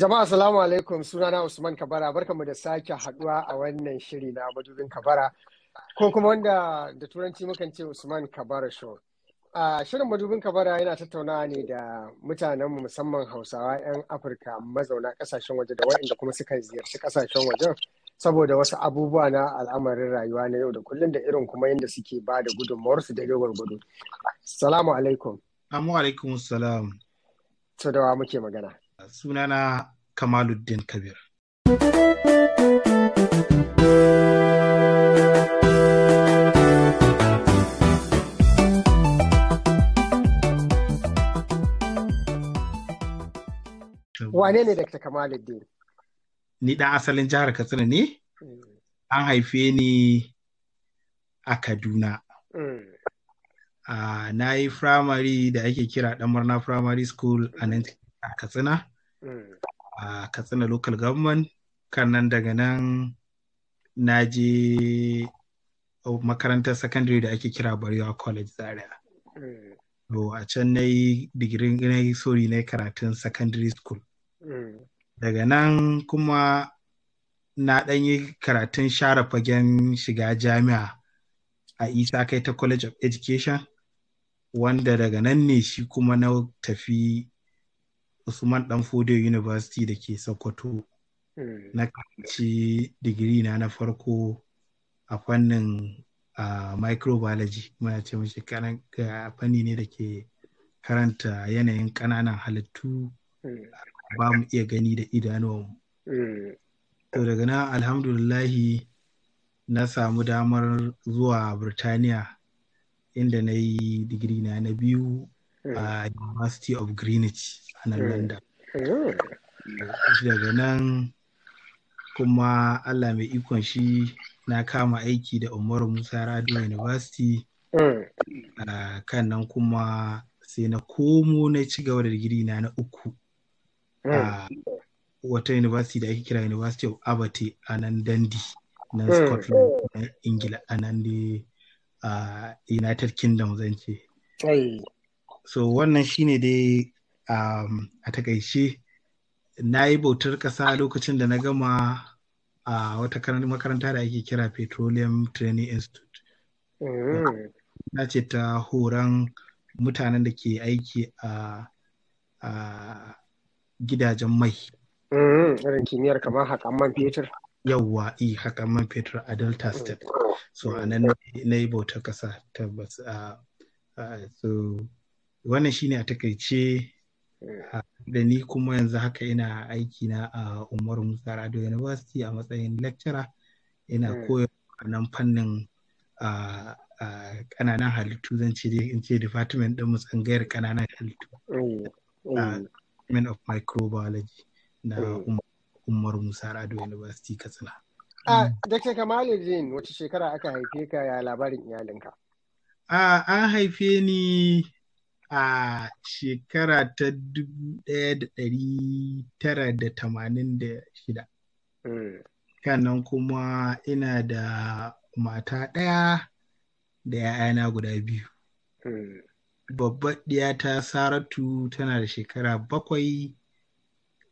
Jama'a salamu alaikum sunana Usman Kabara mu da sake haduwa a wannan shiri na madubin Kabara ko kuma wanda da turanci mukan ce Usman Kabara show. A shirin madubin Kabara yana tattaunawa ne da mutanenmu musamman Hausawa 'yan Afirka mazauna kasashen waje da waɗanda kuma suka ziyarci kasashen waje saboda wasu abubuwa na al'amarin rayuwa na yau da kullum da irin kuma yadda suke ba da gudunmawarsu da gwargwado. Salamu alaikum. Amu alaikum salam. Sadawa muke magana. sunana Kamaluddin Kabir. Wane ne Dr. Kamaluddin? Ni ɗan asalin jihar Katsina ne? Mm. An haife ni a Kaduna. Mm. Ah, na yi firamare da ake kira ɗan murna firamare school a nan a Katsina. a katsina local government kan nan daga nan na je makarantar secondary da ake kira Barewa College Zaria. To a can na yi digirin na yi sori na karatun secondary school. Daga nan kuma na ɗan yi karatun share fagen shiga jami'a a Isa kai ta College of Education wanda daga nan ne shi kuma na tafi Usman Danfodio University da ke Sokoto. Hmm. Na karanci digiri na na farko a fannin microbiology muna ce mashi fanni ne da ke karanta yanayin kananan halittu hmm. ba mu iya gani da mu. Hmm. To daga nan alhamdulillahi na samu damar zuwa Birtaniya inda na yi digiri na na biyu Eh. a University of Greenwich a nan eh. London. Eh. Daga nan kuma Allah mai ikon shi na kama aiki da Umaru Musa Rado University kan nan kuma sai na komo na ci gaba da digiri na na uku a wata university da ake kira University of Abate a nan dandi. nan Scotland na Ingila a nan United Kingdom zan ce. so wannan shine dai um, a takaice na yi bautar ƙasa lokacin da na gama a uh, wata makaranta da ake kira petroleum training institute mm-hmm. na ce ta horon mutanen da ke aiki a gidajen mai mm-hmm. irin kimiyyar kamar haƙan man fetur yawwa i haƙan fetur a delta state so a na yi bautar ƙasa tabbas so wannan shine a takaice eh. ah, da ni kuma yanzu haka ina aiki na a Umar Musa Radio University a matsayin lecturer ina eh. koyarwa nan fannin kananan halittu zan ce in ce department din tsangayar kananan halittu eh, department of microbiology na Umar Musa Radio University Katsina. A ah, mm. Dr. Kamalu Jin wace shekara aka haife ka ya labarin iyalinka? A ah, an haife ni a shekara ta dubu ɗaya da da tara shida. kannan hmm. kuma ina da mata ɗaya da 'ya'yana guda biyu hmm. babbar ɗiyata saratu tana da shekara bakwai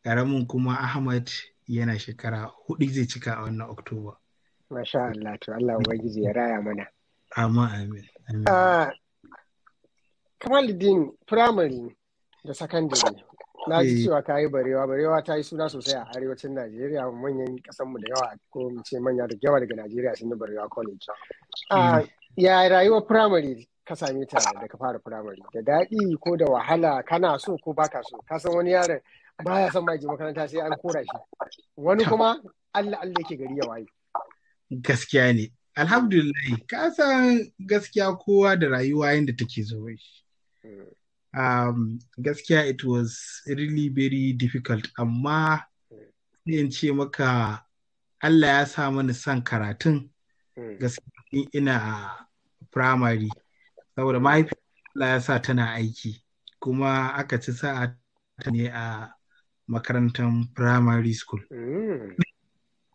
ƙaramin kuma ahmad yana shekara hudu zai cika a wannan oktoba masha Allah to Allah ubangiji ya raya mana amin amin ah, Kamaluddin firamare da sakandare na ji eh. cewa ka yi barewa barewa ta yi suna sosai a arewacin najeriya manyan kasanmu da yawa ko mu manya da yawa daga najeriya sun yi barewa college ah, hmm. ya rayuwa firamare ka same ta da ka fara firamare da daɗi ko da wahala kana so ko baka so ka san wani yaron baya son ma makaranta sai an kora shi wani kuma allah allah yake gari ya waye gaskiya ne alhamdulillah ka san gaskiya kowa da rayuwa yadda take zo um, gaskiya it was really very difficult amma in ce maka Allah ya sa mani son karatun gaskiya ina a primary saboda mahaifi Allah ya sa tana aiki kuma aka ci sa'a ta ne a makarantar primary school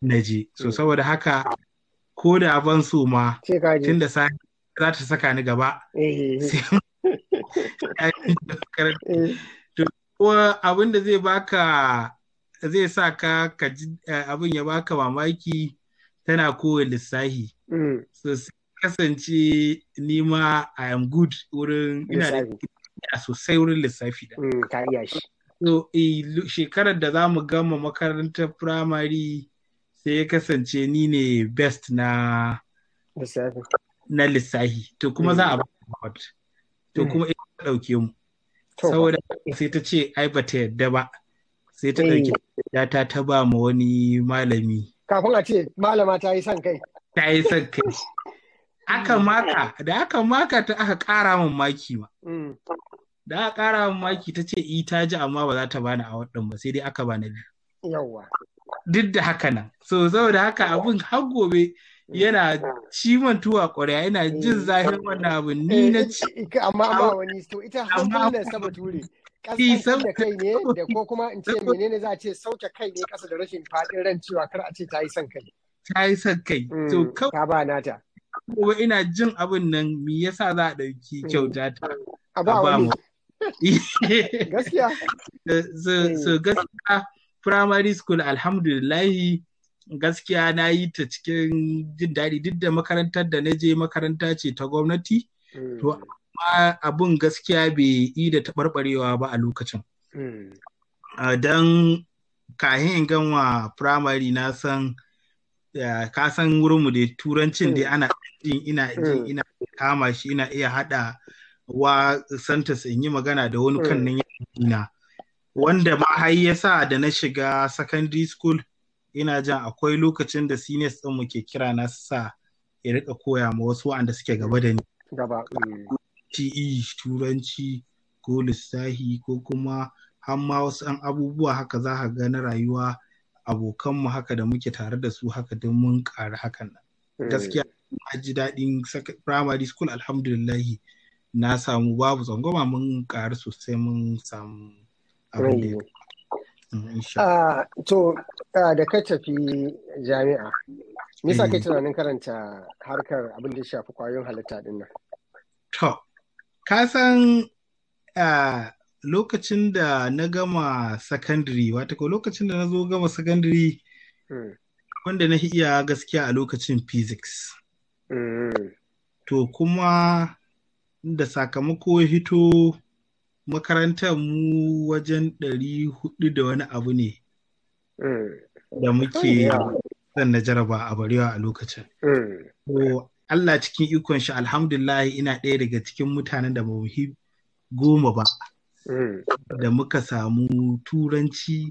na je so saboda haka ko da ban so ma tun da za ta saka ni gaba eh, eh, eh. to abin da zai baka zai sa ka ka eh, abin ya baka mamaki tana kowa lissahi mm. so kasance ni ma i am good wurin ina da sosai wurin lissafi da mm, ka shi so eh, shekarar da za mu gama makarantar firamare sai ya kasance ni ne best na lissafi to kuma za a mm. ba award to kuma ɗauke mu saboda sai ta ce ai ba ta yadda ba sai ta eh. ɗauki ta ta ba ma wani malami kafin a ce malama ta yi son kai ta yi son kai aka mm. maka da aka maka ta aka ƙara min maki ma mm. da aka ƙara min maki ta ce i e, ta ji amma ba za ta bani a waɗin ba sai dai aka bani biyu yawwa duk da haka nan so saboda haka abin har gobe Mm. yana ah. ciwon tuwa ƙwarya yana jin eh. zahir wannan abu ni eh, na ci amma amma wani to ita humbleness ta ture. kasar eh, da kai ne da ko kuma in ce menene za a ce sauke kai ne kasa da rashin faɗin ran cewa kar a ce ta yi son kai ta yi son kai mm, to kawai ta ba ta. kuma ina jin abin nan me yasa za a ɗauki mm. kyauta ta a ba mu gaskiya so gaskiya primary school alhamdulillahi gaskiya na yi ta cikin jin daɗi duk da makarantar da na je makaranta ce ta gwamnati mm. to amma abun gaskiya bai yi da taɓarɓarewa ba a lokacin mm. don kahin in ganwa firamare na san ka san wurinmu da turancin da mm. ana jin ina jin ina kama shi ina iya haɗa wa santa in yi magana da wani kan nan wanda ma har ya sa da na shiga secondary school ina jin akwai lokacin da seniors ɗin muke ke kira na sa ya rika koya ma wasu wanda suke gaba da ni gaba mm. turanci ko lissahi ko kuma har ma wasu an abubuwa haka za ka ga na rayuwa abokanmu haka da muke tare da su haka don mun ƙari hakan nan mm. gaskiya na ji daɗin primary school alhamdulillahi na samu babu tsangwama mun ƙari sosai mun samu abin da ya mm, ah, to Ah, da ka tafi jami'a nisa ka eh. tunanin karanta harkar abin da shafi kwayoyin halitta din nan to ka san ah, lokacin da na gama sakandire, wata ko lokacin da na zo gama sakandare hmm. wanda na iya gaskiya a lokacin physics hmm. to kuma da sakamako ya hito makarantar mu wajen ɗari hudu da wani abu ne Eh. da muke zan na jaraba a barewa a lokacin. Eh. Allah cikin ikon shi alhamdulillah ina ɗaya daga cikin mutanen da mawuhi goma ba eh. da muka samu turanci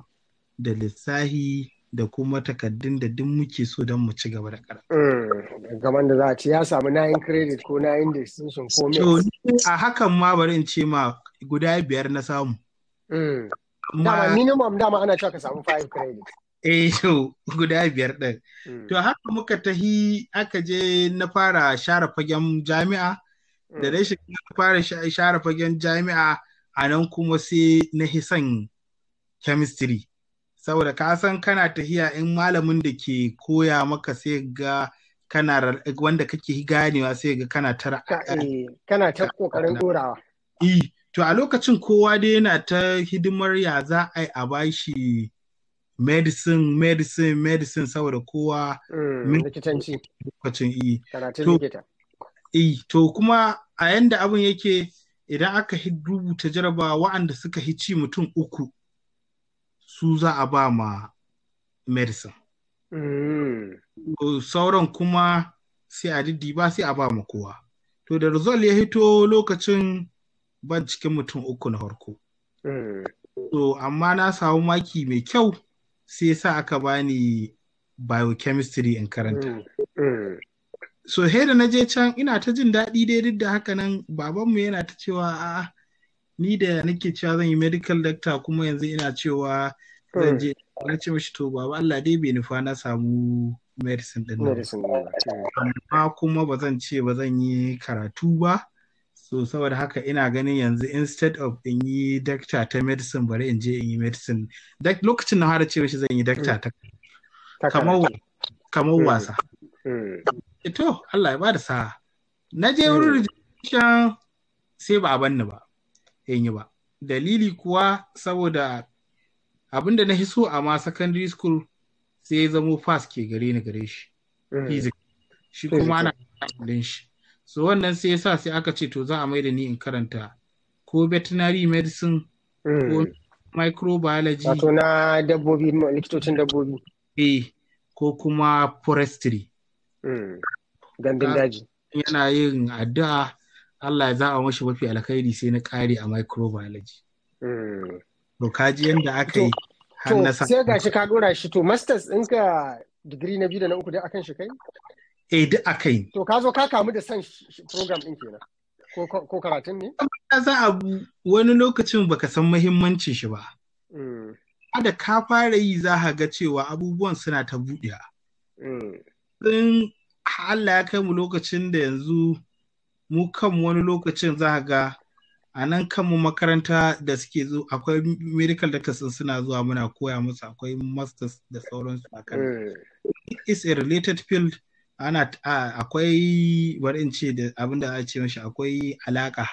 da lissahi da kuma takaddun da duk muke so don mu ci gaba da karatu. Gaban da za a ce ya samu nayin credit ko nayin da sun sun komai. A hakan ma bari in ce ma guda biyar na samu. dama minimum dama ana cewa ka samu 5 credit eh to guda biyar ɗin. Mm. To haka muka tahi aka je na fara share fagen jami'a, mm. da dai shi na fara share fagen jami'a a nan kuma sai na hisan chemistry. Saboda ka san kana tahiya in malamin da ke koya maka sai ga kana wanda kake ganewa sai ga kana tara. Eh, kana ta kokarin dorawa. to a lokacin kowa dai yana ta hidimar ya za a yi a bashi medicine medicine medicine saboda kowa mm, likitanci lokacin yi to, to kuma a yanda abin yake idan aka rubuta jaraba wa'anda suka hici mutum uku su za a ba ma medicine mm. sauran kuma sai a ba sai a ba ma kowa to da result ya hito lokacin ban cikin mutum uku na farko. So, hmm. amma na samu maki mai kyau sai sa aka bani biochemistry in karanta. Hmm. Hmm. So, he da na je can ina ta jin daɗi dai duk da haka nan babanmu yana ta cewa a ni da nake cewa zan yi medical doctor kuma yanzu ina cewa zan je na ce mashi to baba Allah dai bai nufa na samu medicine din nan. Amma kuma ba zan ce ba zan yi karatu ba. so saboda haka ina ganin yanzu instead of in yi dakta ta medicine bari in je in yi medicine lokacin na hada cewa shi zan yi dakta ta hmm. kamar hmm. wasa Ito hmm. Allah ya ba da sa'a na je wurin sai ba a banni ba in yi ba dalili kuwa saboda abin da na hiso a ma secondary school sai zamo Fas ke gare ni gare shi shi kuma ana shi so wannan sai yasa sai aka ce to za a maida ni in karanta ko veterinary medicine ko hmm. microbiology wato na dabbobi likitocin dabbobi eh ko kuma forestry hmm. gandun daji yana yin addu'a Allah ya za'a mashi mafi alkhairi sai na kare a microbiology hmm. to kaji yanda aka yi hannasa. To sai gashi ka dora shi to masters ɗinka digiri na biyu da na uku da akan shi kai E, duk aka yi. To ka zo ka kamu da son program ɗin kenan. Ko karatun ne? za a wani lokacin baka san mahimmancin shi ba. Mm. Da ka fara yi za ka ga cewa abubuwan suna ta buɗewa. Sun mm. Allah ya kai mu lokacin da yanzu mu kan wani lokacin za ga a nan kanmu makaranta da suke zo akwai medical doctors suna zuwa muna koya musu akwai masters da sauransu a kan. Mm. It's a related field. ana akwai bari in ce da abin da a ce mashi akwai alaka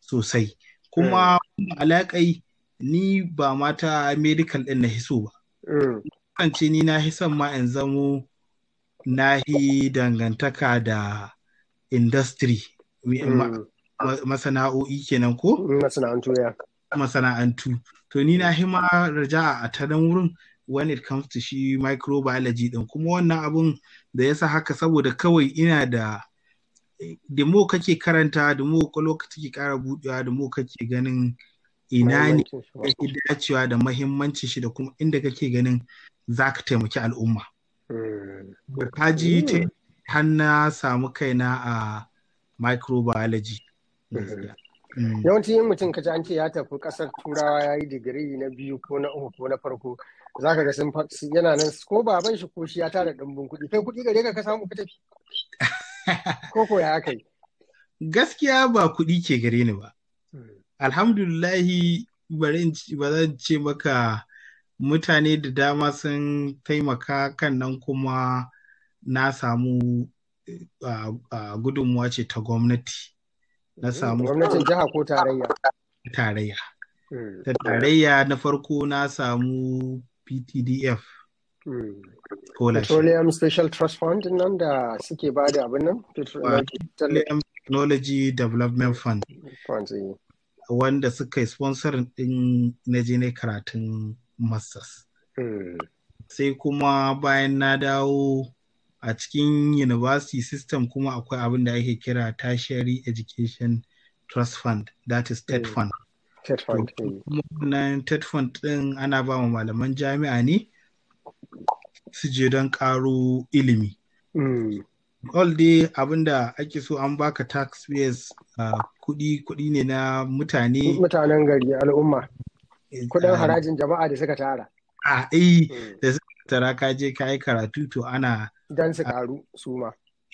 sosai kuma mm. alakai ni ba mata medical din na hiso ba mm. ce ni na hisan ma in zamo na hi dangantaka da industry mm. masana'o'i kenan ko masana'antu ya masana'antu to ni na hima raja'a a tanan wurin when it comes to shi microbiology din kuma wannan abun da yasa haka saboda kawai ina da demo kake karanta demo lokaci take kara budewa demo kake ganin ina ne yake dacewa da muhimmancin shi da kuma inda kake ganin za ka taimaki al'umma. Hmm. Ka ji ta hanna samu kaina a microbiology. Hmm. Yawanci yin mutum kaji an ce ya tafi ƙasar turawa ya yi digiri na biyu ko na uku ko na farko za ka ga sun yana nan ko baban shi ko shi ya tara ɗumbin kuɗi kai kuɗi gare ka ka samu ka tafi ko ko ya aka yi gaskiya ba kuɗi ke gare ni ba hmm. alhamdulillahi ba zan ce maka mutane da dama sun taimaka kan nan kuma na samu gudunmuwa ce ta gwamnati na hmm, samu gwamnatin jiha ko tarayya tarayya hmm. ta tarayya na farko na samu PTDF. Hmm. Petroleum Special Trust Fund nan da suke ba da abin nan? Petroleum Technology Development Fund. Eh. Wanda suka yi sponsor din na je ne karatun masters. Hmm. Sai kuma bayan na dawo a cikin university system kuma akwai abin da ake kira tertiary education trust fund that is state hmm. fund. Eh? wannan tetfond ɗin ana ba wa malaman jami'a ne su je don ƙaro ilimi mm. all day abinda ake so an baka tax base kuɗi kuɗi ne na mutane mutanen gari al'umma eh, kuɗin eh. harajin jama'a da suka tara a eh mm. da suka tara ka je ka yi karatu to ana dan su karu su ma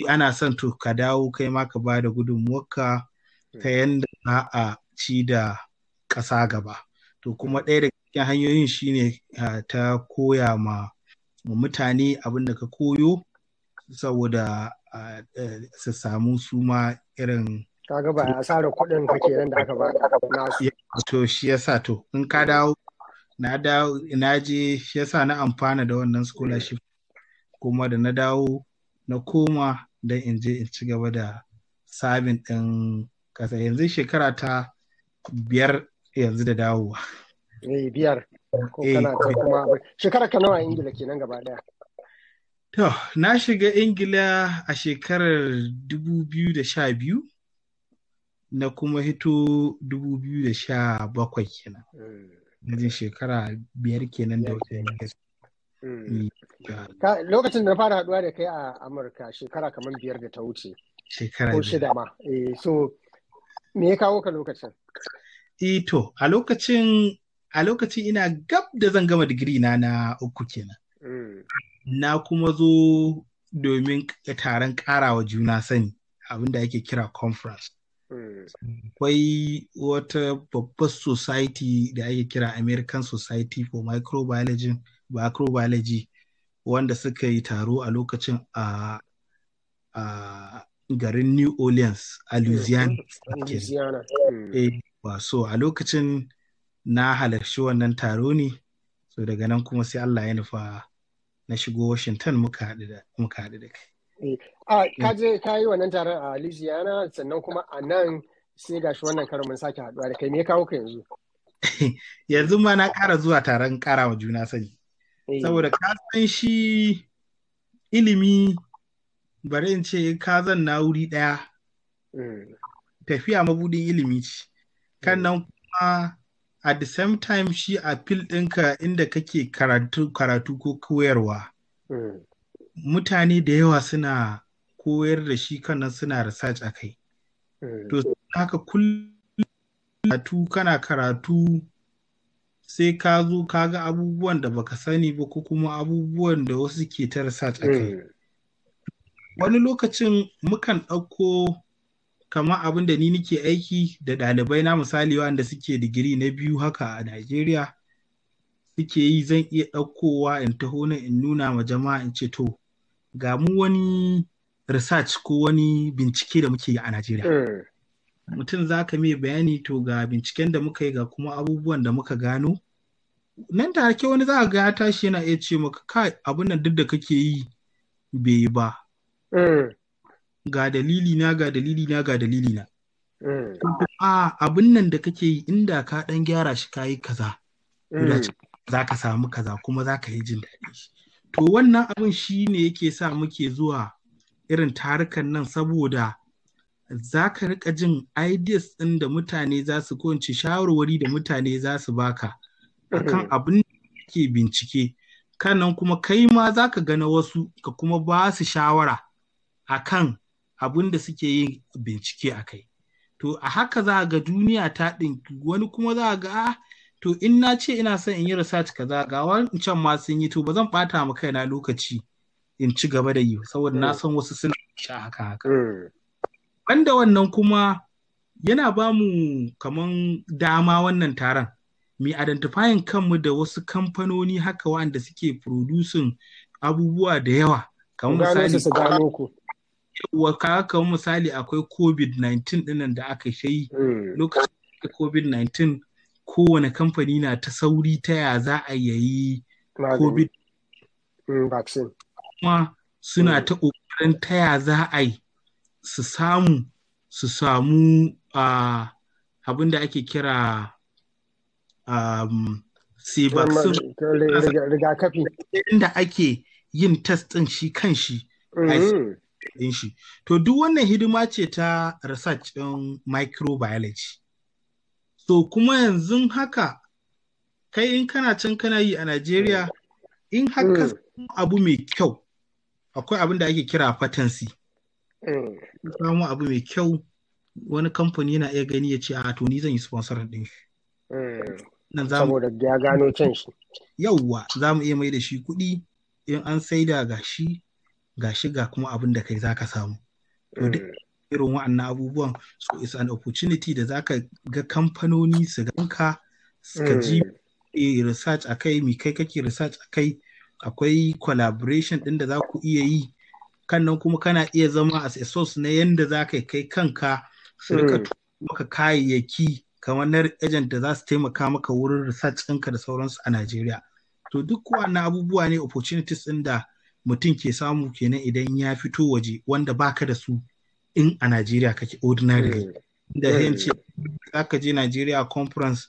ana son to ka dawo kai ma ka ba da gudunmuwarka ta mm. yanda za a ci da ƙasa gaba to kuma ɗaya daga cikin hanyoyin shine ta koya ma mutane abin da ka koyo saboda e, su samu su ma irin kaga ba asarar kuɗin ka nan da aka ba nasu to shi yasa to in ka dawo na dawo na je shi yasa na amfana da wannan scholarship kuma da na dawo na koma don in je in ci gaba da sabin ɗin ƙasa yanzu shekara ta biyar yanzu da dawowa. Eh biyar. Ko eh, kana kuma shekara ka nawa Ingila kenan gaba daya. To, na shiga Ingila a shekarar 2012 na kuma hito 2017 kenan. Gajin shekara biyar kenan da wata hmm. Hmm. Lokacin da na fara haduwa da kai a Amurka shekara kamar biyar da ta wuce. Shekara biyar. Ko shida ma. Eh, so, me ya kawo ka lokacin? Eh, to a lokacin ina gab da zan gama digiri na na uku kenan. Mm. Na kuma zo domin taron karawa juna sani abin da ake kira conference. Mm. Akwai wata babbar society da ake kira American Society for Microbiology, Microbiology wanda suka yi taro a lokacin a garin New Orleans a Louisiana. Mm. so a lokacin na halarci wannan taro ne so daga nan kuma sai Allah ya nufa na shigo Washington muka haɗu da kai. Eh, ka je ka yi wannan taron a Louisiana sannan kuma a nan sai ga shi wannan karon mun sake haɗuwa da kai me ya kawo ka yanzu? Yanzu ma na ƙara zuwa taron ƙara wa juna sani. Eh. Saboda ka san shi ilimi bari in ce ka zan na wuri ɗaya. Mm. Tafiya mabudin ilimi ce. kannan kuma at the same time shi a fil ɗinka inda kake karatu, karatu ko koyarwa hmm. mutane da yawa suna koyar da shi kannan suna research a kai hmm. to haka kullum karatu kana karatu sai ka zo ka ga abubuwan da baka sani ba ko kuma abubuwan da wasu ke ta research a kai hmm. wani lokacin mukan ɗauko kamar abin da ni nike aiki da ɗalibai na misali wanda suke digiri na biyu haka a Najeriya suke yi zan iya ɗaukowa in taho na in nuna ma jama'a in ce to ga mu wani research ko wani bincike da muke yi a Najeriya. Hmm. Mutum za ka mai bayani to ga binciken da muka yi ga kuma abubuwan da muka gano. Nan da ke wani za a ga ya tashi yana iya ce maka kai abin nan duk da kake yi bai yi ba. Hmm. ga dalili na, ga dalili na, ga dalili na. Mm. a abin nan da kake yi inda ka ɗan gyara shi kayi kaza mm. za ka samu kaza kuma za ka yi jin daɗi to wannan abin shi ne yake sa muke zuwa irin tarukan nan saboda za ka rika jin ideas ɗin da mutane za su kunci shawarwari da mutane za su baka akan mm. abin da ke bincike kanan kuma kai ma za ka gana wasu ka kuma ba su shawara akan abin da suke yin bincike a kai to a haka za a ga duniya ta ɗinki wani kuma za a ga ah, to in na ce ina son in yi research a ga wancan ma sun yi to ba zan ɓata ma kaina lokaci in ci gaba da yi saboda na mm. san wasu suna sha haka haka mm. banda wannan kuma yana ba mu kaman dama wannan taron mi identifying kanmu da wasu kamfanoni haka waɗanda suke producing abubuwa da yawa kamar misali yawwa ka kamar misali akwai covid-19 dinnan da aka shayi hmm. lokacin covid-19 kowane kamfani na ta sauri ta ya za a yayi covid hmm, kuma suna hmm. ta ƙoƙarin ta ya za a yi su samu su samu abin da ake kira um, rigakafi inda ake yin test ɗin shi kan shi din shi. To duk wannan hidima ce ta research ɗin microbiology. So kuma yanzu haka kai in kana can kana yi a Najeriya in haka mm. abu mai kyau akwai abin da ake kira patency. Mm. samu abu mai kyau wani kamfani yana iya gani ya ce a to ni zan yi sponsor ɗin shi. Mm. Saboda ya gano can shi. Yauwa za mu iya mai da shi kuɗi in an saida ga shi ga shi ga kuma abin da kai zaka samu to duk mm. irin wa'annan abubuwan so it's an opportunity da zaka ga kamfanoni su ganka suka ji mm. research akai mi kai kake research akai akwai collaboration ɗin da za ku iya yi kannan kuma kana iya zama as a source na yanda za ka kai kanka su rika mm. maka kayayyaki kamar na agent da za su taimaka maka wurin research ɗinka da sauransu a Najeriya. To duk wannan abubuwa ne opportunities ɗin da mutum ke samu kenan idan ya fito waje wanda baka da su in a Najeriya kake ordinary hmm. da yin ce hmm. ka je Najeriya conference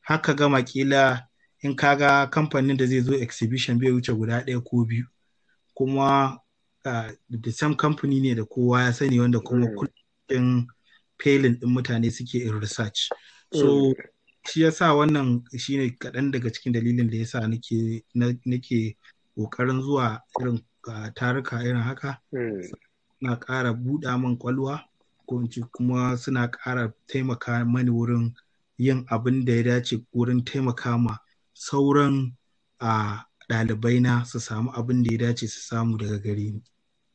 haka gama kila in ka ga kamfanin da zai zo exhibition bai wuce guda ɗaya ko biyu kuma the same company ne da kowa ya sani wanda kuma hmm. kullum failing ɗin mutane suke in research so shi yasa wannan shine kaɗan daga cikin dalilin da yasa nake ƙoƙarin zuwa irin taruka irin haka hmm. suna ƙara buɗa man ƙwalwa kuma suna ƙara taimaka mani wurin yin abin da ya dace wurin taimaka ma sauran ɗalibai na su samu abin da ya dace su samu daga gari. ni.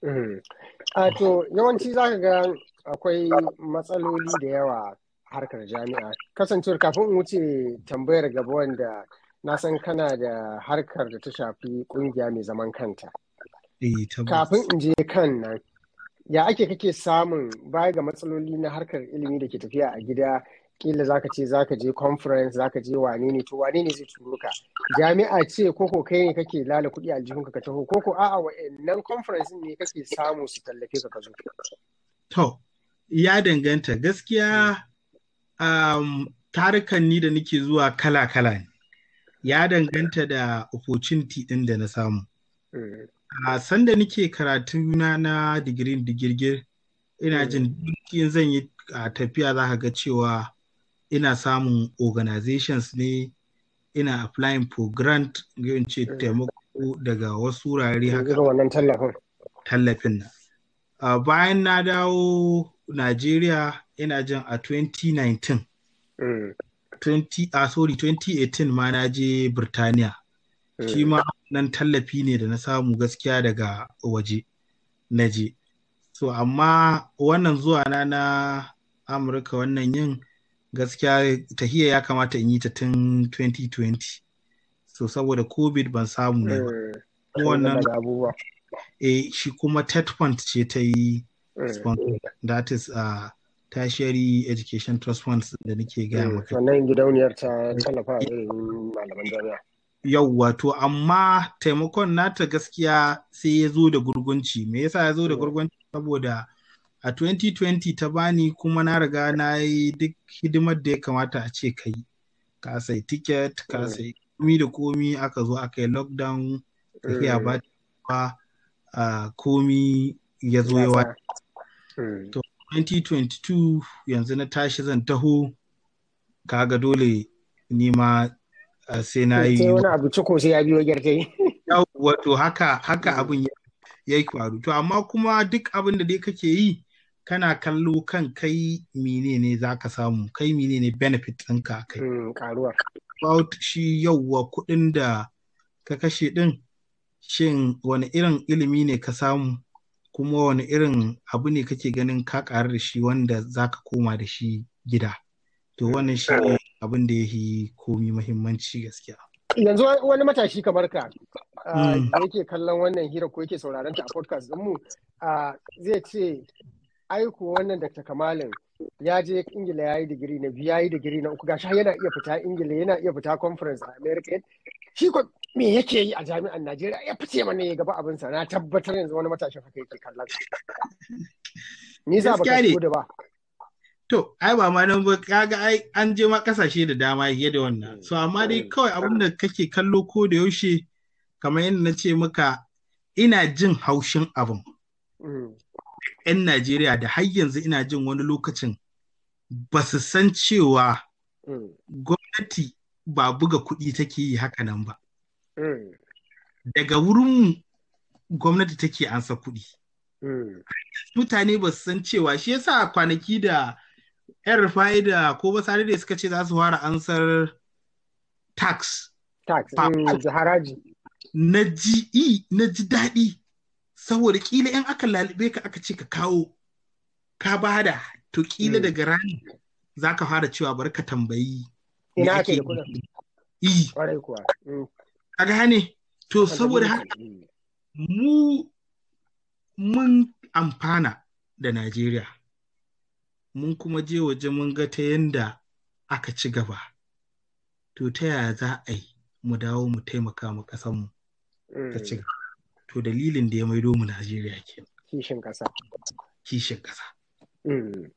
Hmm. to yawanci za ka ga akwai matsaloli da yawa harkar jami'a kasancewar kafin in wuce tambayar gaba wanda na san kana da harkar da ta shafi kungiya mai zaman kanta. Eh, Kafin in je kan nan, ya ake kake samun baya ga matsaloli na harkar ilimi da ke tafiya a gida kila ka ce za ka je conference ka je wane ne to wane ne zai turo ka jami'a ce koko kai ne kake lala kuɗi a aljihunka ka taho koko a'a wa'annan conference ne kake samu su tallafe ka ka zo to ya danganta gaskiya um, tarukan ni da nake zuwa kala kala ne ya danganta da opportunity ɗin da na samu. Eh. A sanda nike karatu na na digirin digirgir ina eh. jin in zan yi tafiya za ka ga cewa ina samun organizations ne ina applying for grant in ce eh. taimako daga wasu wurare haka. wannan tallafin. Tallafin na. Bayan na dawo Najeriya ina jin a 2019. 20 ah, sorry 2018 ma na je Birtaniya eh. shi ma nan tallafi ne da na samu gaskiya daga waje na je so amma wannan zuwa na na amurka wannan yin gaskiya tahiya ya kamata in yi ta tun 2020 so saboda covid ban samu ne ba eh, wannan eh shi kuma tet point ce ta yi eh. that is uh, tashiyar education trust funds da nake gaya hmm, maka. Wannan gidauniyar ta tallafa malaman jami'a. Yau wato amma taimakon nata gaskiya sai ya zo da gurgunci. Me yasa ya zo da hmm. gurgunci? Saboda a 2020 ta bani kuma na riga na yi duk hidimar da ya kamata a ce kai. Ka sai ticket, ka hmm. sai komi da komi aka zo aka yi lockdown, tafiya ba komi ya zo yawa. 2022 yanzu na tashi zan taho kaga dole nima eh, sai na yi wani abu ciko sai ya biyo wato haka haka abin ya yi kwaru. to amma kuma duk abin da dai kake yi kana kallo kan kai menene za ka samu kai menene benefit ɗinka kai hmm, karuwa about shi yauwa kuɗin da ka kashe ɗin shin wani irin ilimi ne ka samu kuma wani irin abu ne kake ganin ka ƙaru da shi wanda za ka koma da shi gida to wannan shi ne abin da ya yi komi mahimmanci gaskiya yanzu wani matashi kamar ka ah, hmm. da yake kallon wannan hira ko yake sauraron ta a podcast mu ah, zai ce aiko wannan Dr. Kamalin ya je Ingila ya yi digiri na biyu ya yi digiri na uku gashi yana iya fita Ingila yana iya fita conference a America me yake yi a jami'an Najeriya ya fice mana ya gaba abin sa na tabbatar yanzu wani matashin haka yake kallon ni za ba da ba to ai ba ma nan kaga ai an je ma kasashe da dama yake da wannan mm, so amma dai mm, kawai abin da mm. kake kallo ko da yaushe kamar yadda na ce maka ina jin haushin abin yan Najeriya da har yanzu ina jin wani lokacin ba su san cewa gwamnati ba buga kuɗi take yi haka nan ba Eh. daga wurin gwamnati take ansa kuɗi. Eh. Mutane ba su san cewa shi yasa kwanaki da yan rufai da ko ba sare da suka ce za su fara ansar tax. Tax, eh, haraji. Na ji daɗi saboda ƙila 'yan aka lalube ka aka ce ka kawo ka bada to ƙila hmm. daga rani za ka fara cewa bari ka tambayi. Ina ake da kuɗin. ka gane to saboda haka mu mun amfana da Najeriya mun kuma je waje mun ga ta yanda aka ci gaba to ta yaya za a yi mu dawo mu taimaka mu kasanmu ta ci mm. gaba to dalilin da ya maido mu Najeriya ke kishin ƙasa kishin ƙasa mm.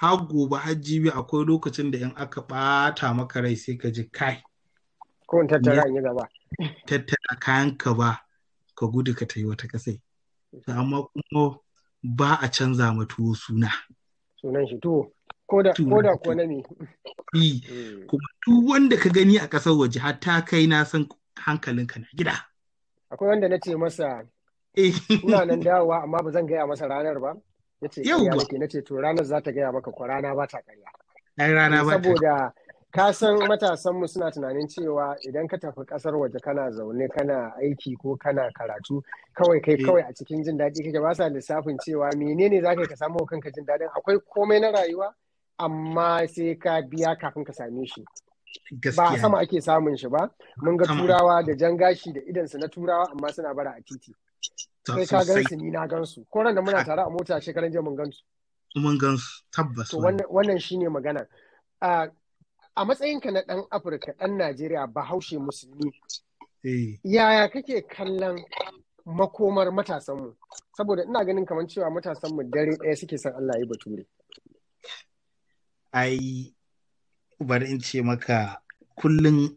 har gobe har jibi akwai lokacin da in aka ɓata maka rai sai ka ji kai ko in tattara in yi gaba tattara kayanka ba ka gudu ka tayi wata kasai amma kuma ba a canza ma tuwo suna sunan shi tuwo ko da ko na ne eh. kuma duk wanda ka gani a ƙasar waje ta kai na san hankalinka na gida akwai wanda na ce masa eh. ina nan dawowa amma ba zan gaya masa ranar ba ya ce na ce to ranar za ta gaya maka ko rana ba ta karya ai rana ba saboda ka san matasanmu suna tunanin cewa idan ka tafi kasar waje kana zaune kana aiki ko kana karatu kawai kai eh. kawai a cikin jin daɗi kake ba sa lissafin cewa menene za ka samu kanka jin daɗin akwai komai na rayuwa amma sai ka biya kafin ka same shi ba sama ake samun shi ba mun ga turawa da jan gashi da su na turawa amma suna bara a titi sai ka gan su ni na gan su. ko da muna tare a mota shekaran jiya mun gan su. mun gan su, tabbas wannan shine magana ah, a matsayinka na ɗan Afirka ɗan Najeriya bahaushe musulmi. Eh. Yaya kake kallon makomar matasanmu? Saboda ina ganin kamar cewa matasanmu dare ɗaya suke san Allah ya bature. Ai, bari in ce maka kullum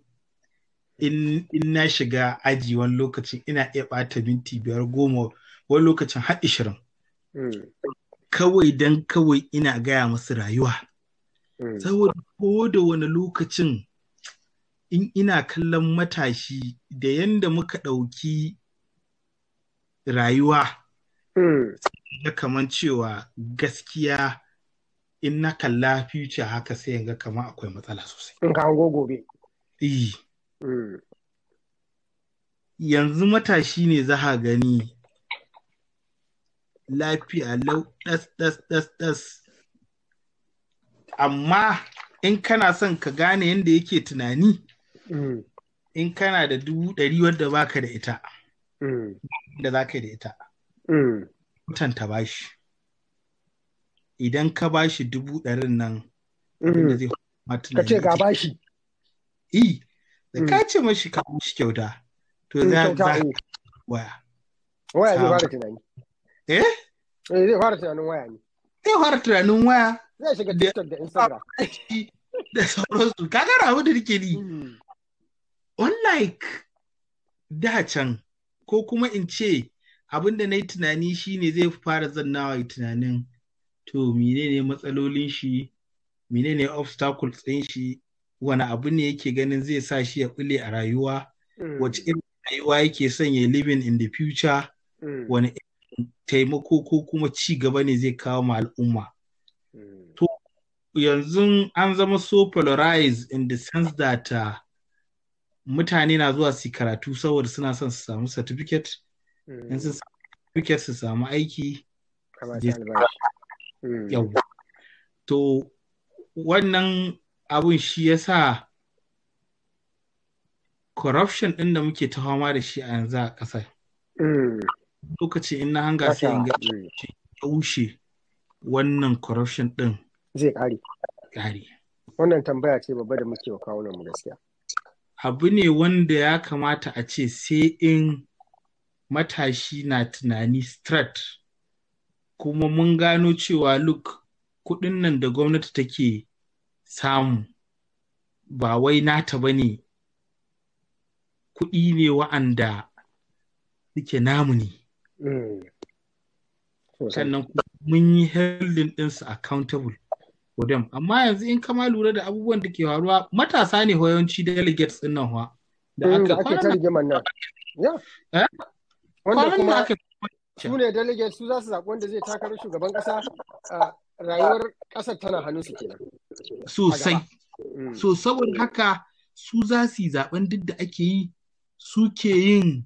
in na shiga aji wani lokacin ina iya ɓata minti biyar goma wani lokacin har ishirin. Hmm. Kawai don kawai ina gaya masu rayuwa. Mm. saboda ko da wani lokacin in ina kallon matashi da yanda muka ɗauki rayuwa ga mm. kaman cewa gaskiya in na kalla future haka sai ga kama akwai matsala sosai. In ka hango gobe. Eh. Mm. Yanzu matashi ne za a gani lafiya lau ɗas ɗas ɗas ɗas amma in kana son ka gane yadda yake tunani mm. in kana da dubu ɗari wadda baka da ita mm. da za ka da ita mutanta mm. bashi idan ka bashi dubu ɗarin nan zai ka ce ga bashi yi da ka ce mashi ka shi kyauta to za ka waya waya zai fara tunani eh? eh zai fara tunanin waya ne zai fara tunanin waya zai shiga tiktok da instagram da sauransu kaga rahu da nake ni unlike hmm. da can ko kuma in ce abin da na yi tunani shine zai fara zannawa yi tunanin to menene matsalolin shi menene obstacles ɗin shi wani abu ne yake ganin zai sa shi ya bule a rayuwa hmm. wacce irin rayuwa yake son ya living in the future hmm. wani taimako ko kuma ci gaba ne zai kawo ma al'umma. Hmm. To, yanzu an zama so polarized in the sense that uh, mutane na zuwa su karatu saboda suna son su samu certificate, hmm. in sun samu certificate su samu aiki. Hmm. To, wannan abun shi ya sa corruption ɗin da muke ta fama da shi a yanzu a ƙasar. lokaci in na hanga sai in ga mm. yaushe wannan corruption din zai kare kare wannan tambaya ce babba da muke kawo nan mu gaskiya abu ne wanda ya kamata a ce sai in matashi na tunani strat kuma mun gano cewa look kudin nan da gwamnati take samu ba wai nata ba ne kuɗi ne wa'anda suke namu ne Mm. sannan mun yi heldin ɗinsu accountable for them amma yanzu in kama lura da abubuwan da ke faruwa matasa ne yawanci delegates ɗin nan wa da mm, aka kwana eh? wanda kuma su ne delegates su za su zaɓi wanda zai takarar shugaban ƙasa rayuwar ƙasar tana hannun su kenan sosai mm. so saboda haka su za su yi zaɓen duk da ake yi ke yin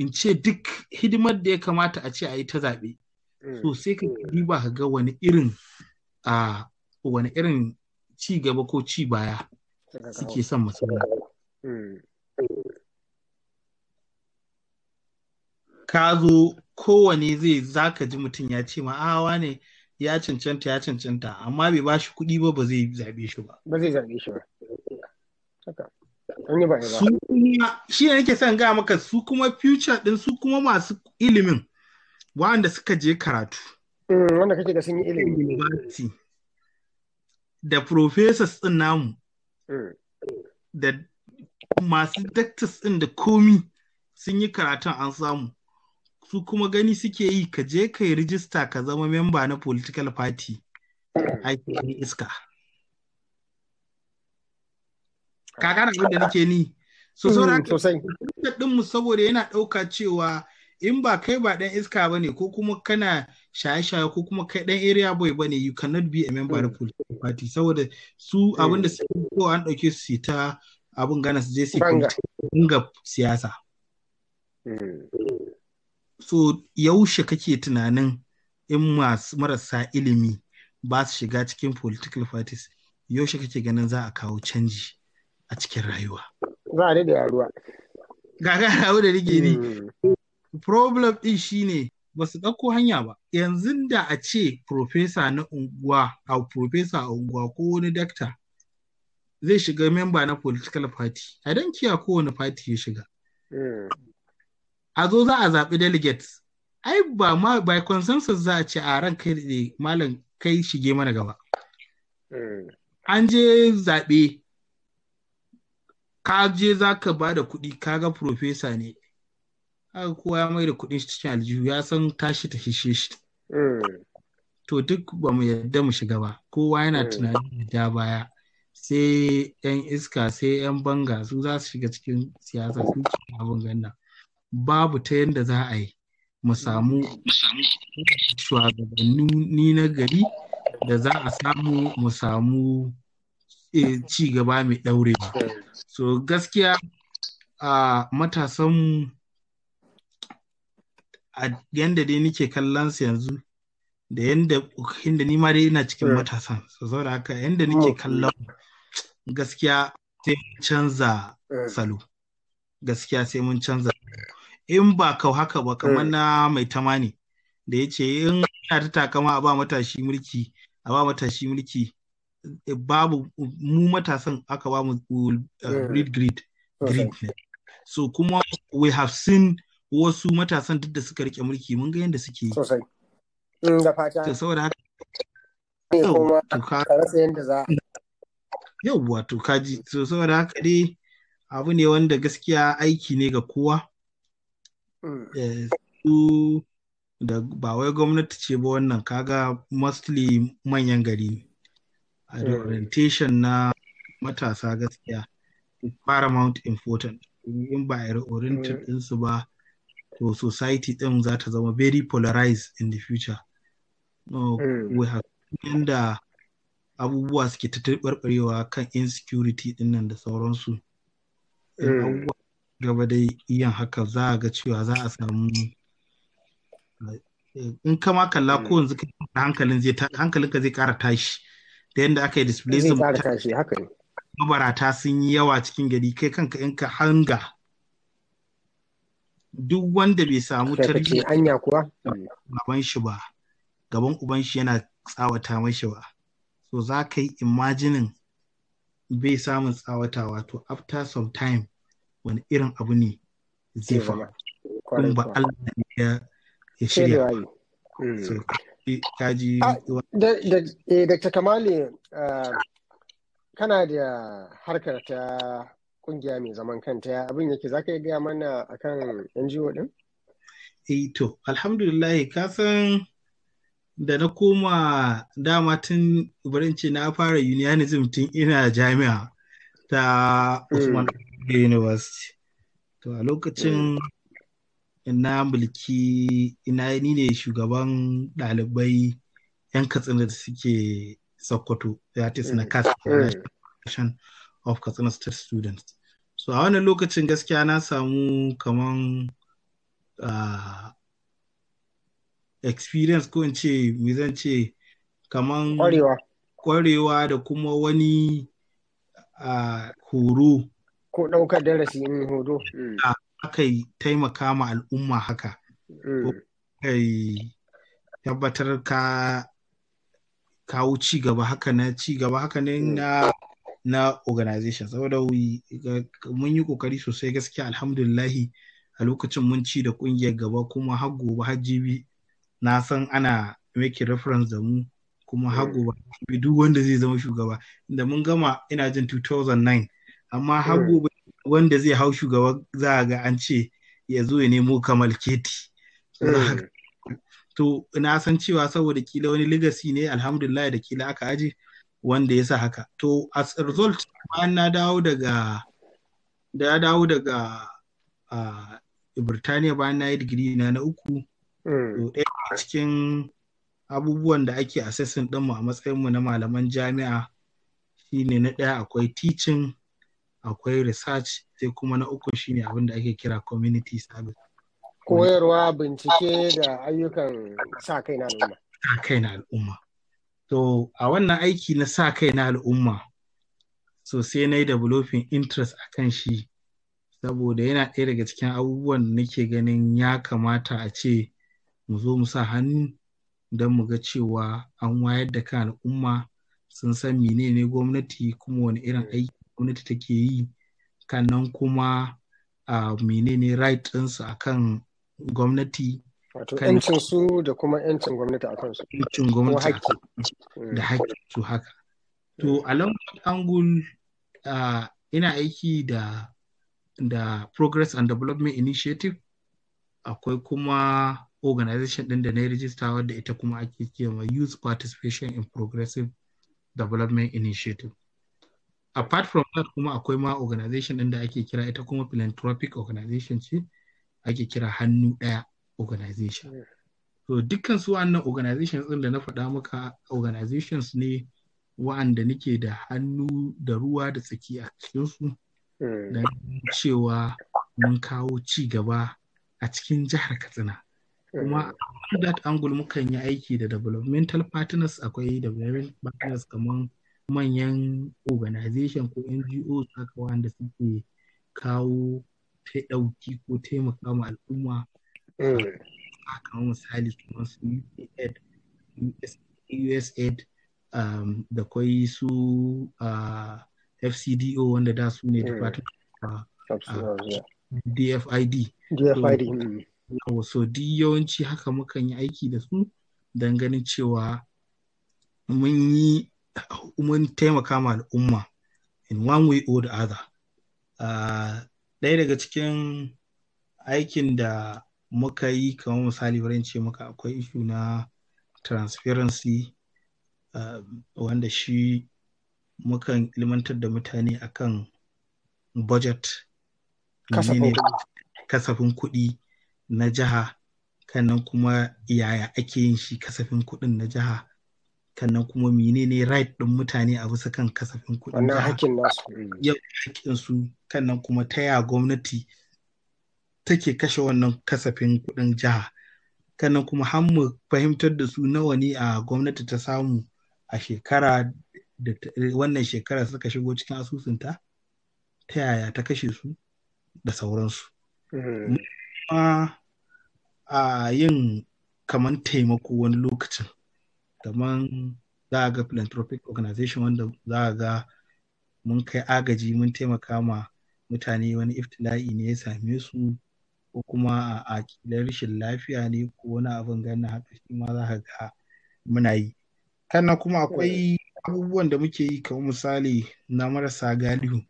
in ce duk hidimar da ya kamata a ce a yi ta zaɓe mm. so sai ka diba ka ga wani irin a wani irin ci gaba ko ci baya suke son masana mm. ka zo kowane zai zaka ji mutum ya ce ma awa ne ya cancanta ya cancanta amma bai ba shi kuɗi ba ba zai zaɓe shi ba ba zai zaɓe shi ba su kuma shi ne nake son gaya maka su kuma future din su kuma masu ilimin wanda suka je karatu mm, wanda kake da sun yi da professors din namu mm. da masu doctors din da komi sun yi karatun an samu su kuma gani suke yi ka je ka yi rijista ka zama memba na political party mm. aiki iska kaga na da nake ni so hmm, saboda din mu saboda yana ɗauka cewa in ba kai ba dan iska ba ne ko kuma kana shaye-shaye ko kuma kai dan area boy ba ne you cannot be a member of hmm. political party saboda su hmm. abinda su suke ko an ɗauke su ta abin gana su je su dinga siyasa so yaushe kake tunanin in masu marasa ilimi ba su shiga cikin political parties yaushe kake ganin za a kawo canji a cikin rayuwa. Ba a da yaruwa. Gaga rawu da rige ne. Problem ɗin shi ne ba su ɗauko hanya ba. Yanzu da a ce profesa na unguwa, a profesa a unguwa ko wani dakta zai shiga memba na political party. A don kiya kowane party ya shiga. Hmm. A zo za a zaɓi delegates. Ai ba ma by consensus za a ce a ran kai malam kai shige mana gaba. Hmm. An je zaɓe ka je za ka ba da kuɗi ka ga profesa ne haka kowa ya mai da kuɗin shi cikin aljihu ya san tashi ta hishe shi eh. to duk ba mu yadda mu shiga ba kowa yana eh. tunanin da baya sai yan iska sai yan banga su za su shiga cikin siyasa su ci abin ganna babu ta yadda za a yi mu samu shugabanni na gari da za a samu mu samu eh, ci gaba mai ɗaurewa so gaskiya a matasan a yadda dai nike kallon su yanzu da yadda, inda ni ma dai ina cikin eh. matasan so da haka yadda nike kallon gaskiya sai mun canza eh. salo gaskiya sai mun canza in ba kau haka ba kamar eh. na mai tamani da ya ce in ta takama a ba matashi mulki a ba matashi mulki Eh, babu mu matasan aka ba mu uh, read grid grid so kuma we have seen wasu matasan duk da suka rike mulki mun ga yadda suke yi sosai mm, da fata to saboda haka kuma ka rasa za to kaji so saboda haka dai abu ne wanda gaskiya aiki ne ga kowa mm. eh, su da ba wai gwamnati ce ba wannan kaga mostly manyan gari a orientation na matasa gaskiya paramount important in ba a oriented mm. ɗinsu ba to society ɗin za ta zama very polarized in the future no mm. we have inda abubuwa suke ta kan insecurity ɗin nan da sauransu mm. gaba dai iyan haka za a ga cewa za a samu eh, in kama kalla ko yanzu hankalinka zai kara tashi da yadda aka yi displacing mabarata sun yi yawa cikin gari kai kanka in ka hanga duk wanda bai samu tarbiyya anya kuwa gaban shi ba gaban uban shi yana tsawata mashi ba so za ka yi imajinin bai samun tsawata wato after some time wani irin abu ne zai faru kun ba Allah ya shirya kaji ah, da eh, kamali eh, kana da harkar ta kungiya mai zaman kanta abin yake za ka yi gaya mana akan NGO din? Eh to, alhamdulillah ka san da na koma dama tun barinci na fara unionism tun ina jami'a ta hmm. Usman University. To a lokacin hmm. ina mulki ina ni ne shugaban ɗalibai yan katsina da suke sokoto ya ce na kasa eh, eh. of katsina state students so a wannan lokacin gaskiya na samu kaman ah, experience ko in ce me zan ce kaman kwarewa da kuma wani ah, horo ko ɗaukar darasi in horo hmm. ah, aka yi taimaka ma al'umma haka mm. ka yi tabbatar ka kawo ci gaba haka na ci gaba haka ne mm. na na organization saboda mun yi kokari sosai gaskiya alhamdulillahi a lokacin mun ci da kungiyar gaba kuma har gobe har jibi na san ana maki reference da mu kuma har mm. gobe duk wanda zai zama shugaba inda mun gama ina jin 2009 amma har gobe wanda zai hau shugaba za a ga an ce ya zo ya nemo kamal keti hmm. to na san cewa saboda kila wani legacy ne alhamdulillah da kila aka aje wanda ya sa haka to as a result bayan na dawo daga da ya dawo daga Birtaniya bayan na yi digiri na na uku hmm. to ɗaya cikin abubuwan da ake assessing ɗinmu a matsayin mu na malaman jami'a shine na ɗaya akwai teaching akwai research sai kuma na uku shine abin da ake kira community service koyarwa bincike da ayyukan sa kai na al'umma sa kai na al'umma to a wannan aiki na sa kai na al'umma so sai na yi developing interest a kan shi saboda yana ɗaya daga cikin abubuwan da nake ganin ya kamata a ce mu zo mu sa hannu don mu ga cewa an wayar da kan al'umma sun san menene gwamnati kuma wani irin aiki gwamnati take yi kannan kuma a menene right ɗinsu a kan gwamnati wato su da kuma yancin gwamnati a kansu yancin gwamnati da su haka to mm. a lambar angul ina aiki da da progress and development initiative akwai kuma organization ɗin da na rijista da ita kuma ake cewa youth participation in progressive development initiative apart from that kuma akwai ma organization ɗin da ake kira ita kuma philanthropic organization ce ake kira hannu ɗaya organization so dukkan su wannan organizations din da na faɗa maka organizations ne wa'anda nake da hannu da ruwa da tsaki a cikinsu hmm. da cewa mun kawo ci gaba a cikin jihar katsina kuma hmm. that angle mukan yi aiki da developmental partners akwai development partners kamar manyan organization ko NGO haka wanda suke kawo ta ɗauki ko taimaka ma al'umma mm. kamar misali kamar su UAid, USAid um, da kwai su FCDO wanda da su ne mm. Department uh, DFID. DFID. So, mm. di yawanci haka mukan yi aiki da su don ganin cewa mun yi mun taimaka ma al'umma in one way or the other ah, ɗaya daga cikin aikin da muka yi kamar misali wurin ce maka akwai ishu na transparency ah, wanda shi mukan ilmantar da mutane akan budget kasafin kuɗi na jiha kannan kuma yaya ake yin shi kasafin kuɗin na jiha kannan kuma menene right ɗin mutane a bisa kan kasafin kuɗi wannan hakkin nasu yau hakkin su kannan kuma ta ya gwamnati take kashe wannan kasafin kuɗin jiha kannan kuma har mu fahimtar da su nawa ne a gwamnati ta samu a shekara da wannan shekara suka shigo cikin asusunta ta yaya ta kashe su da sauransu mm-hmm. a yin kamar taimako wani lokacin kaman za a ga philanthropic organization wanda za a ga mun kai agaji mun taimaka ma mutane wani iftila'i ne ya same su ko kuma a kilar rashin lafiya ne ko wani abin gana haka shi ma za ka ga muna yi sannan kuma akwai abubuwan da muke yi kamar misali na marasa galihu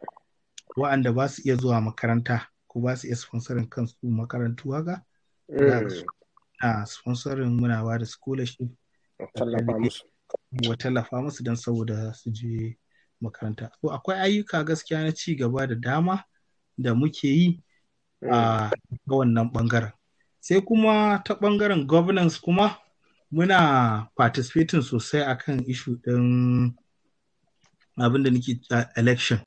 wa'anda ba su iya zuwa makaranta ko ba su iya sponsorin kansu makarantu haka eh. sponsorin muna ba da scholarship wa tallafa musu don saboda su je makaranta so akwai ayyuka gaskiya na ci gaba da dama da muke yi a mm. wannan bangaren sai kuma ta ɓangaren governance kuma muna participating sosai a kan ishu ɗin abinda da nake election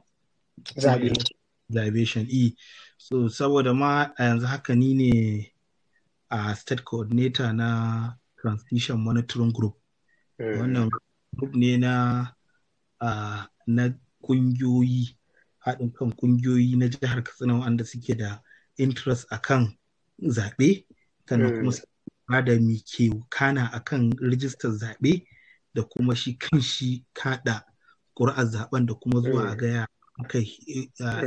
shan e eh. so saboda ma a yanzu haka ni ne a ah, state coordinator na Transition Monitoring Group. Eh. Wannan group ne na na ƙungiyoyi haɗin kan ƙungiyoyi na jihar Katsina wanda suke da interest a kan zaɓe, sannan eh. kuma su da mi kana a kan rijistar zaɓe da kuma shi kan shi kaɗa ƙuri'ar zaɓen da kuma zuwa a eh. gaya kai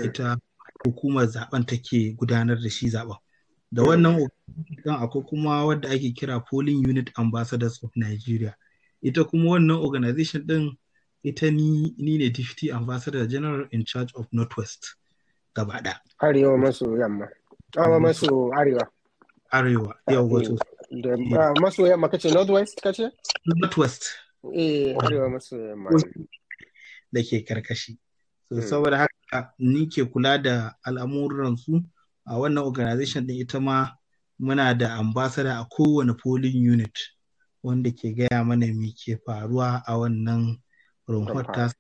ita hukumar zaɓen take gudanar da shi zaɓen. da wannan organization akwai kuma wadda ake kira polling unit ambassadors of nigeria ita kuma wannan organization din ita ni, ni ne deputy ambassador general in charge of northwest da arewa maso yamma awa ah, maso arewa arewa yawa to maso yamma kace northwest kace northwest eh arewa maso yamma da ke karkashi so hmm. saboda haka ni ke kula da al'amuran su a wannan organization din ita ma muna da ambassador a kowane polling unit wanda ke gaya mana me ke faruwa a wannan rumfar ta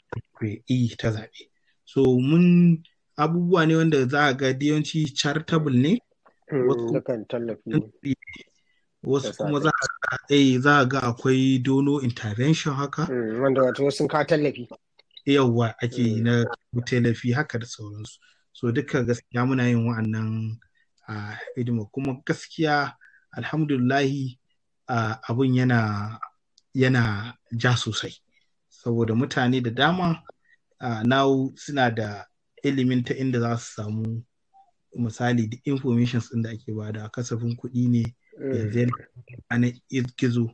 e ta zaɓe so mun abubuwa ne wanda za a ga yawanci charitable ne hmm, wasu kuma eh, za a ga akwai dono intervention haka hmm, wanda wato sun ka tallafi yawwa ake yi hmm. na tallafi haka da sauransu so dukkan gaskiya muna yin wa'annan hidima kuma gaskiya alhamdulahi abun yana yana ja sosai saboda mutane da dama na'u suna da ilimin ta inda za su samu misali da information ɗin da ake bada kasafin kuɗi ne yanzu mm. yana gizo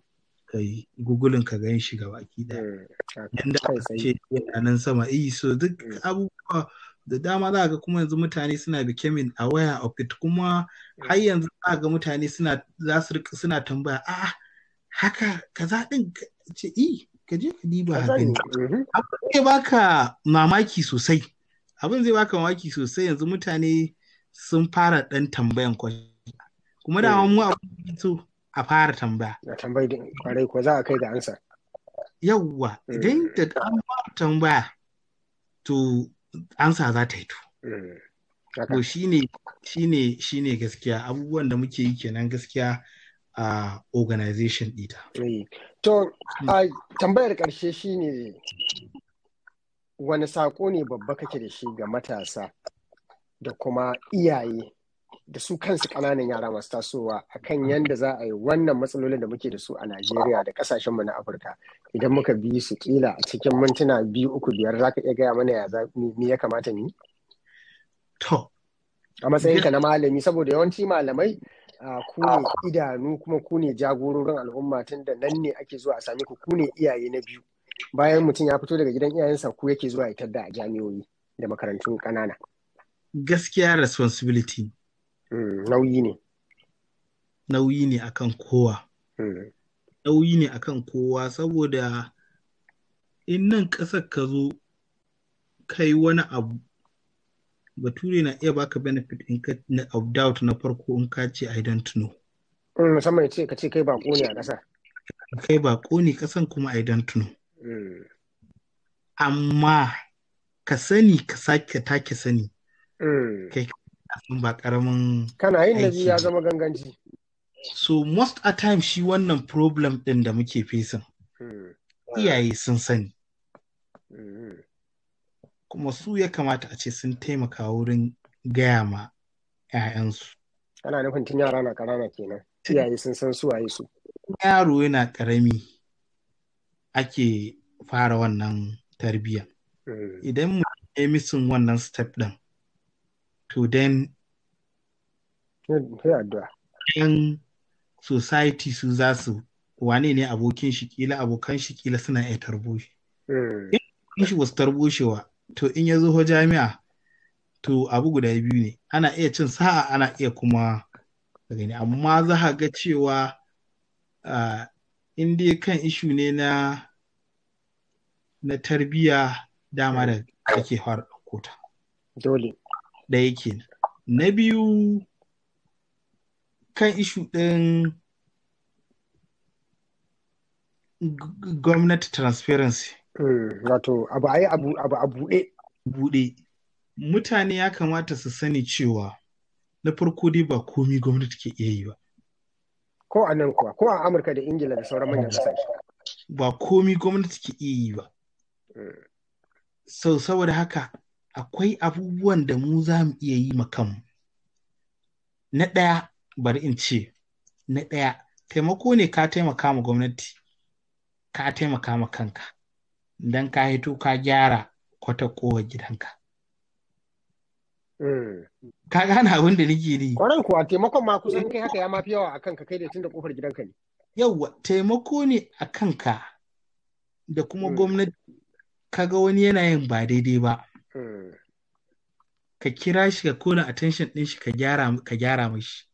ka gugulin ka gan shi gaba ki da mm. yanda ce yana nan sama iso eh, duk mm. abubuwa da dama za ga kuma yanzu mutane suna becoming aware of it kuma har yanzu za ga mutane suna za su suna tambaya a haka kaza din ce i ka je ka diba gani." Eh. abin zai baka mamaki sosai abin zai baka mamaki sosai yanzu mutane sun fara dan tambayan kwashe kuma da mu abin so a fara tambaya da tambayi kwarai ko za a kai ga ansa yawwa idan mm. da an tambaya to ansa za ta yi To mm. shine shi ne gaskiya abubuwan da muke yi kenan gaskiya a organization ita. Mm. To tambayar ƙarshe shine wani saƙo ne babba kake da shi ga matasa da kuma iyaye da su kansu kananan yara masu tasowa a kan yadda za a yi wannan matsalolin da muke da su a Najeriya da kasashen mu na Afirka idan muka bi su kila a cikin mintuna biyu uku biyar za ka iya gaya mana ya me ya kamata ni? To. A matsayinka na malami saboda yawanci malamai ku ne idanu kuma ku ne jagororin al'umma tun da nan ne ake zuwa a same ku ku ne iyaye na biyu bayan mutum ya fito daga gidan iyayensa ku yake zuwa ya tadda a jami'o'i da makarantun kanana. Gaskiya responsibility Mm, nauyi ne nauyi ne akan kowa mm. nauyi ne akan kowa saboda in nan ƙasar ka zo kai wani abu bature na iya baka benefit in ka na of doubt na farko in ka ce i don't know mm, musamman ce ka ce kai baƙo ne a ƙasa kai baƙo ne ƙasan kuma i don't know amma ka sani ka sake take sani kai ba karamin kana yin da ya zama ganganci so most a time shi wannan problem din da muke fesin hmm. iyaye sun sani hmm. kuma su ya kamata a ce sun taimaka wurin gaya ma 'ya'yansu kana nufin tun yara na karama kenan iyaye sun san su waye su yaro yana karami ake fara wannan tarbiyya hmm. idan mu misin wannan step din to then yan society su za su wane ne abokin shi kila abokan shi kila suna iya tarbo shi mm. in shi wasu tarbo shi wa to in ya zo jami'a to abu guda biyu ne ana iya cin sa'a ana iya kuma gani amma za a ga cewa in dai kan ishu ne na na tarbiyya dama mm. da ake fara ɗauko ta. Dole. ɗaya ke na biyu kan ishu ɗin gwamnati transparency mm, wato abu a yi abu a buɗe buɗe mutane ya kamata su sani cewa na farko dai ba komi gwamnati ke iya yi ba ko a nan kuwa ko a amurka da ingila da sauran manyan kasashe ba komi gwamnati ke iya yi ba mm. so saboda haka akwai abubuwan da mu za mu iya yi kanmu. Na ɗaya, bari in ce, na ɗaya, taimako ne ka taimaka ma gwamnati, ka taimaka ma kanka, don ka hito ka gyara kwata kowa gidanka. Hmm. Ka gane abin da nake yi. Kwarai kuwa taimakon ma kusan kai haka ya mafi yawa a kanka kai da tun da kofar gidanka ne. Yawwa, taimako ne a kanka da kuma hmm. gwamnati Ka ga wani yana yin ba daidai ba. ka kira shi ka kona attention din shi ka gyara mashi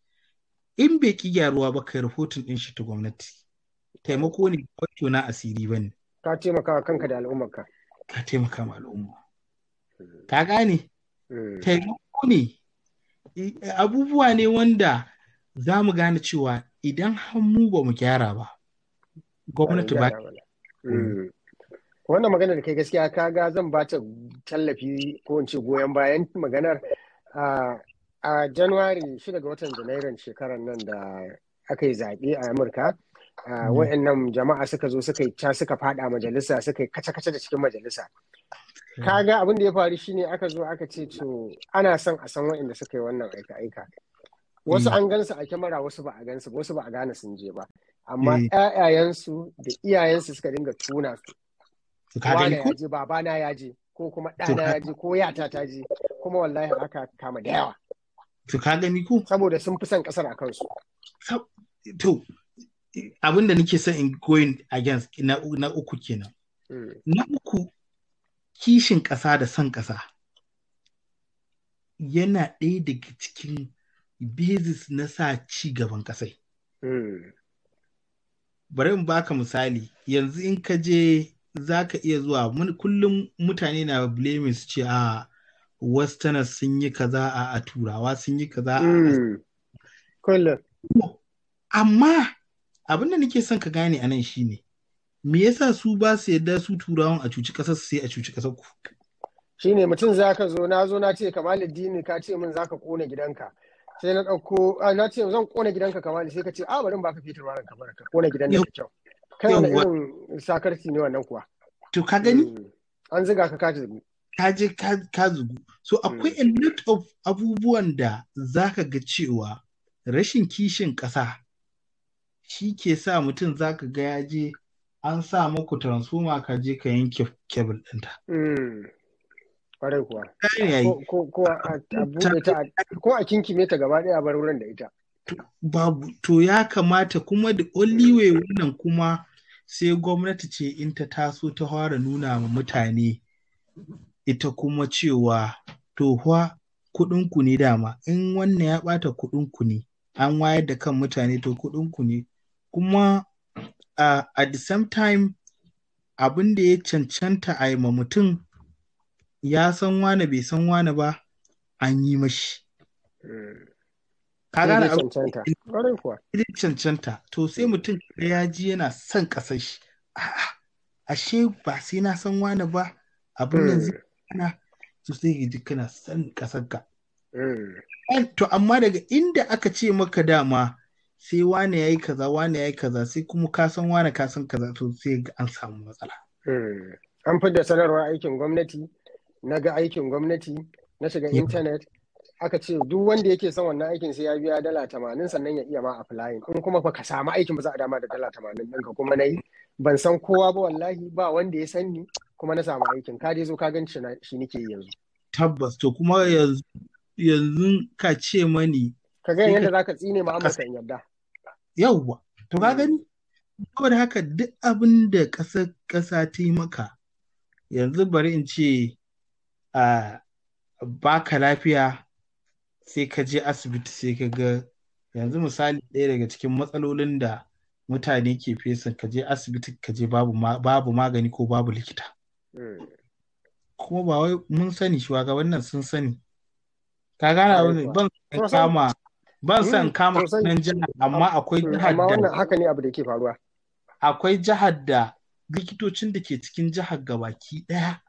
in bai ki gyaruwa ba ka rahoton din shi ta gwamnati taimako ne ba na asiri ba ne ka taimaka wa kanka da al'ummarka ka taimaka ma al'umma hmm. ka gane hmm. taimako ne abubuwa ne wanda za mu gane cewa idan hannu ba mu gyara ba gwamnati ba wannan maganar da kai gaskiya ka ga zan ba ta tallafi ko in ce goyon bayan maganar a januwari 6 ga watan janairun shekarar nan da aka yi zaɓe a amurka mm. wa'annan jama'a suka zo suka yi ca suka fada majalisa suka yi kace-kace da cikin majalisa mm. kaga abin da ya faru shine aka zo aka ce to ana son a san wa'anda suka yi wannan aika-aika wasu mm. an gansu a kyamara wasu ba a gansu wasu ba a gane sun je ba amma 'ya'yayensu da iyayensu suka dinga tuna su ka gani ko yaji babana yaji ko kuma ɗana yaji ko yata ta ji kuma wallahi haka kama da yawa to ka gani ko saboda sun fi son kasar a kansu to abin da nake son in going against na, na uku kenan hmm. na uku kishin ƙasa da son ƙasa yana ɗaya daga cikin basis na sa ci gaban ƙasai. Hmm. Bari in baka misali, yanzu in ka je za ka iya zuwa kullum mutane na blaming su ce a ah, westerners sun yi kaza a turawa sun yi kaza a hmm. amma abin da nake son ka gane a nan shine me yasa su ba su yadda su turawan a cuci kasar sai a cuci kasar ku shine mutum za ka zo na zo na ce kamar addini ka ce min zaka kona gidanka sai na ɗauko ah, na ce zan kona gidanka kamar sai ka ce a barin ba ka fitar wannan kamar ka kona gidan da kyau kai wani irin sakarci ne nan kuwa to ka gani hmm. an ziga ka ka zugu ka je ka zugu so akwai hmm. a lot of abubuwan da za ka ga cewa rashin kishin ƙasa shi ke sa mutum za ka ga ya je an sa muku transformer ka je ka yanke kebul ɗinta. Kwarai hmm. kuwa. Ko a kinkime ta gaba ɗaya bar wurin da ita. babu to ya kamata kuma da oliwe wannan kuma sai gwamnati ce in ta taso ta fara nuna ma mutane ita kuma cewa to fa ku ne dama in wannan ya ɓata ku ne an wayar da kan mutane to ku ne kuma uh, at the same time abin da ya cancanta a yi ma mutum ya san wane bai san wane ba an yi mashi eh. ka gane cancanta cancanta to sai mutum ya ji yana son kasar shi ashe ba sai na san wani ba abin yanzu mm. ana to sai ya ji kana son kasar ka mm. to amma daga inda aka ce maka dama sai wane yayi kaza wane yayi kaza sai kuma ka san wane ka san kaza to sai an samu matsala mm. an fidda sanarwar aikin gwamnati na ga aikin gwamnati na shiga intanet aka ce duk wanda yake son wannan aikin sai ya biya dala tamanin sannan ya iya ma applying in kuma ka samu aikin ba za a dama da dala tamanin ka, kuma na yi ban san kowa ba wallahi ba wanda ya san ni kuma na samu aikin ka je zo ka gan shi nake yanzu tabbas to kuma yanzu ka ce mani ka gani yadda zaka tsine ma amma san yadda yawwa to ka gani saboda haka duk abin da ƙasa ƙasa ta yi maka yanzu bari in ce a ah, baka lafiya sai ka je asibiti sai ka ga yanzu misali ɗaya daga cikin matsalolin da mutane ke fesa ka je asibiti ka je babu magani ko babu likita hmm. kuma ba wai mun sani shugaban wannan sun sani ka gana wani ban kama ban san hmm, kama nan hmm, jihar amma akwai jihar da wannan haka ne abu da ke faruwa akwai jihar da likitocin da ke cikin jihar gabaki daya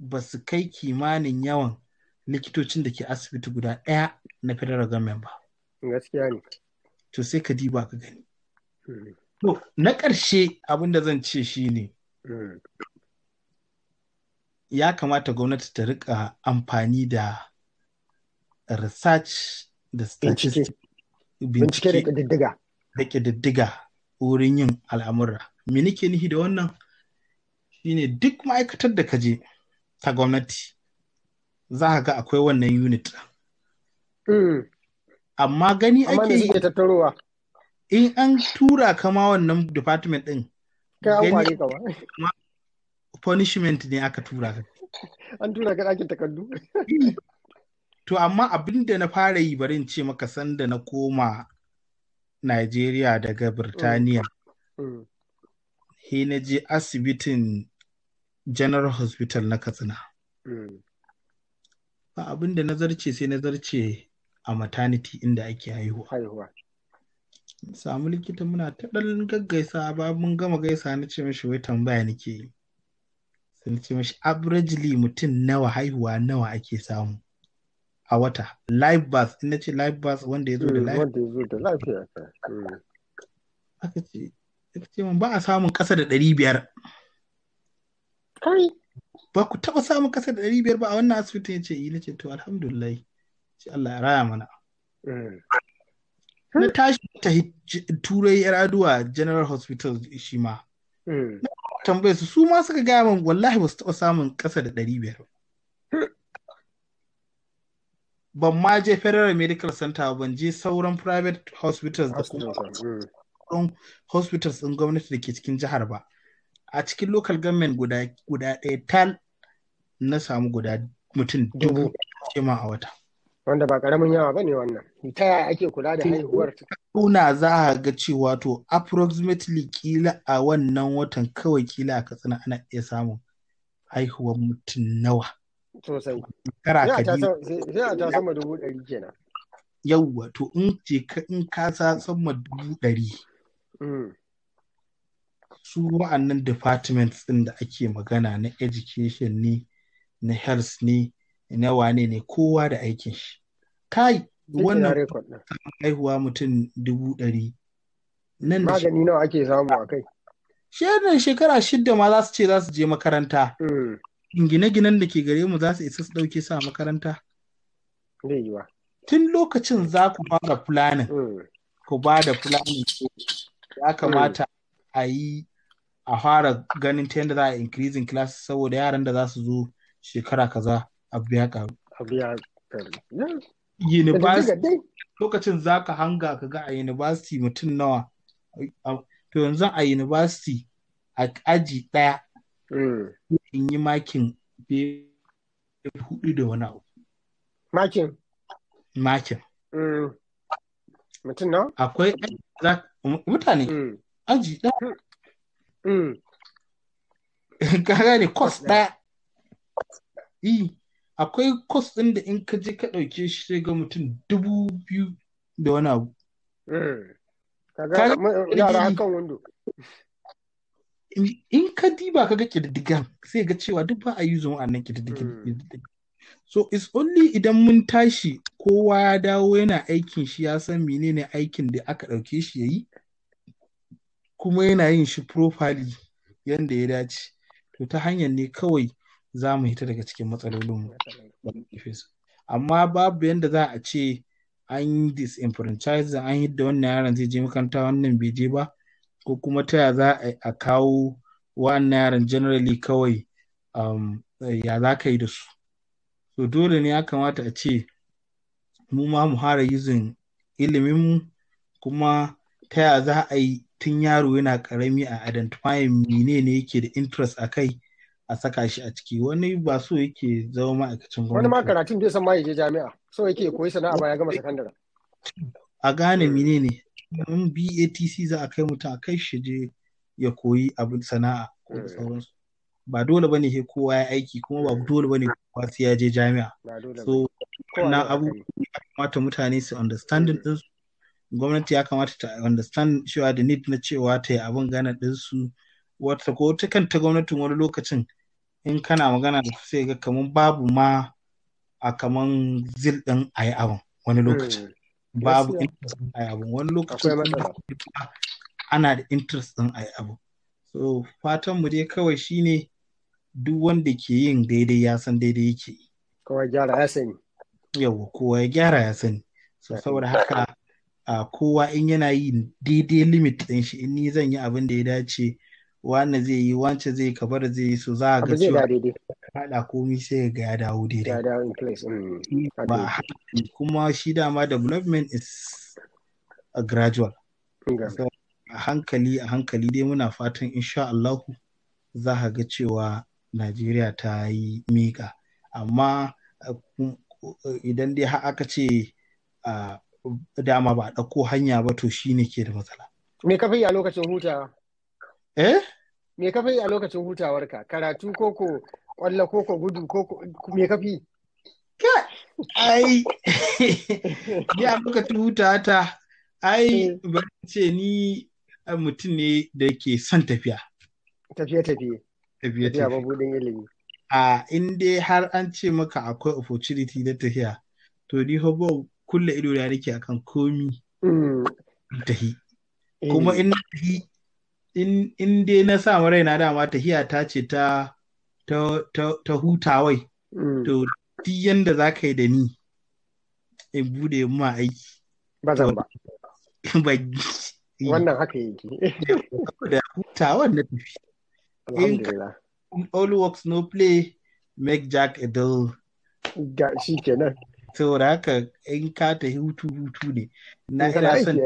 ba su kai kimanin yawan likitocin da ke asibiti guda ɗaya na federal government ba. Gaskiya ne. To sai ka diba ka gani. Hmm. To, na ƙarshe abin da zan ce shi ne, hmm. ya kamata gwamnati ta riƙa amfani da research da statistics bincike da ƙididdiga. Da wurin yin al'amura. Me nike nihi da wannan? Shi ne duk ma'aikatar da ka je ta gwamnati. za ka ga akwai wannan unit hmm. amma gani ake yi in an tura kama wannan department din gani punishment ne aka tura ka an tura ka ɗakin takardu to amma abin da na fara yi barin ce maka sanda na koma Najeriya daga hmm. Birtaniya hmm. he na je asibitin General Hospital na Katsina. Mm. ba abin da nazarce sai nazarce a maternity inda ake haihuwa samu likita muna ta ɗan gaggaisa ba mun gama gaisa na ce mishi wai tambaya nake yi sun ce mashi averagely mutum nawa haihuwa nawa ake samu a wata live birth ina ce live birth wanda ya zo da hmm, live hmm. aka ce ba a samun ƙasa da ɗari biyar kai ba ku taɓa samun kasa da ɗari biyar ba a wannan asibitin ya ce yi to alhamdulillah ce Allah ya raya mana. Na tashi ta turai yar aduwa General Hospital shi ma. Na tambaye su su ma suka gaya min wallahi ba su taɓa samun kasa da ɗari biyar. Ban ma je Federal Medical Center ban je sauran private hospitals da kuma hospitals mm. ɗin gwamnati da ke cikin jihar ba. a cikin local government guda guda ɗaya tal na samu guda mutum dubu cema a wata wanda ba karamin yawa ba ne wannan ta yaya ake kula da haihuwar tuna za a ga cewa to approximately kila a wannan watan kawai kila a katsina ana iya samun haihuwar mutum nawa sosai kara ta sama dubu ɗari kenan yawwa to in in ka sa sama dubu ɗari mm. su wa'annan departments ɗin da ake magana na education ne na health ne na wane ne kowa da aikin shi kai wannan haihuwa mutum dubu ɗari nan da magani nawa ake samu a kai shekarar shekara shidda ma za su ce za su je makaranta hmm. gine-ginen da ke gare mu za su isa su ɗauke sa makaranta tun lokacin za ku da planning hmm. ku ba da planning ya kamata a yi a fara ganin ta yadda za a increasing class saboda yaran da za su zo shekara kaza abu ya karu. University lokacin za ka hanga ka ga a university mutum nawa to yanzu a university a aji ɗaya mm. in yi makin hudu da wani abu. Makin? Makin. Mm. Mutum nawa? Akwai mutane mm. aji ɗaya. Hmm. ka gane kwas ɗaya akwai kwas ɗin da in ka je ka ɗauke shi sai ga mutum dubu biyu da wani abu mm. in ka diba ka ga ƙididdigan sai ga cewa duk ba a yi zuwa nan ƙididdigan so it's only idan mun tashi kowa ya dawo yana aikin shi ya san menene aikin da aka ɗauke shi ya yi kuma yana yin shi profali yadda ya dace to ta hanyar ne kawai za mu hita daga cikin matsalolin amma babu yadda za a ce an yi disenfranchise an yi da wannan yaron zai je makaranta wannan bai je ba ko kuma ta za a kawo wannan yaron generally kawai um, ya za ka yi da su so dole ne ya kamata a ce mu ma mu hara yuzin iliminmu kuma ta ya za a yi tun yaro yana karami a identify menene yake da interest a kai a saka shi a ciki wani ba so yake zama ma'aikacin gwamnati wani ma karatun bai san ma ya je jami'a so yake koyi sana'a ba ya gama sakandare a gane ne in BATC za a kai mutum a kai shi je ya koyi abin sana'a ko da eh. sauransu ba dole bane sai kowa ya aiki kuma ba dole bane kowa sai ya je jami'a so na abu kamata mutane su understanding din su gwamnati ya kamata ta understand cewa da need na cewa ta yi abin gana ɗinsu wata ko ta kanta gwamnatin wani lokacin in kana magana da sai ga kamar babu ma a kamar zil ɗin a yi abin wani lokacin hmm. babu interest ɗin a yi abin wani lokacin ana da interest ɗin a yi abin so fatan mu dai kawai shine duk wanda ke yin daidai ya san daidai yake kowa gyara ya sani yawa kowa ya gyara ya sani so saboda haka a kowa in yana yi daidai limit ɗin shi in ni zan yi abin da ya dace wanda zai yi wance zai kabar zai yi so za a ga cewa haɗa komi sai ga ya dawo daidai kuma shi dama development is a gradual a hankali a hankali dai muna fatan insha Allahu za a ga cewa Najeriya ta yi mika amma eh, eh, idan dai aka ce ah, dama ba a ɗauko hanya ba to shi ne ke da matsala. Me ka a lokacin hutawa? Eh? Me ka a lokacin hutawarka? Karatu koko kwallo koko gudu koko me ka fi? Ai, ni a lokacin hutawa ta, ai, eh. ba ce ni mutum ne da ke son tafiya. Tafiye-tafiye. Tafiye-tafiye. Tafiya ilimi. A in dai har an ce maka akwai opportunity na tafiya, to ni hobo kulle ido da nake akan komi mm. tahi eh. kuma in tahi in dai na sa raina dama tahiya ta ce ta ta hutawai mm. to duk yanda za ka yi da ni in bude ma aiki ba zan ba Ba wannan haka yake da hutawan na tafi alhamdulillah all works no play make jack a dull ga shi kenan saboda haka in ka ta hutu hutu ne na ina son